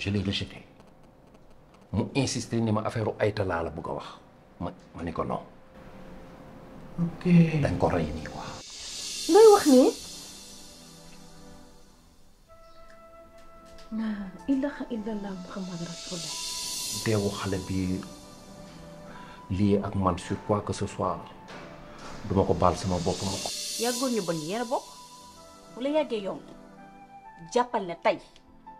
je l'ai rejeté mu insisté ni ma affaire Aïta laa la bëgg a wax ma ma ni ko non. ok dañ ko rey nii quoi. ngay wax nii. naa ilaha illallah muhammad rasulullah. deewu xale bi lii ak man sur quoi que ce soit duma ko baal sama bopp ma ko. yàggul ñu bon yéen a bokk bu la yàggee yomb jàppal ne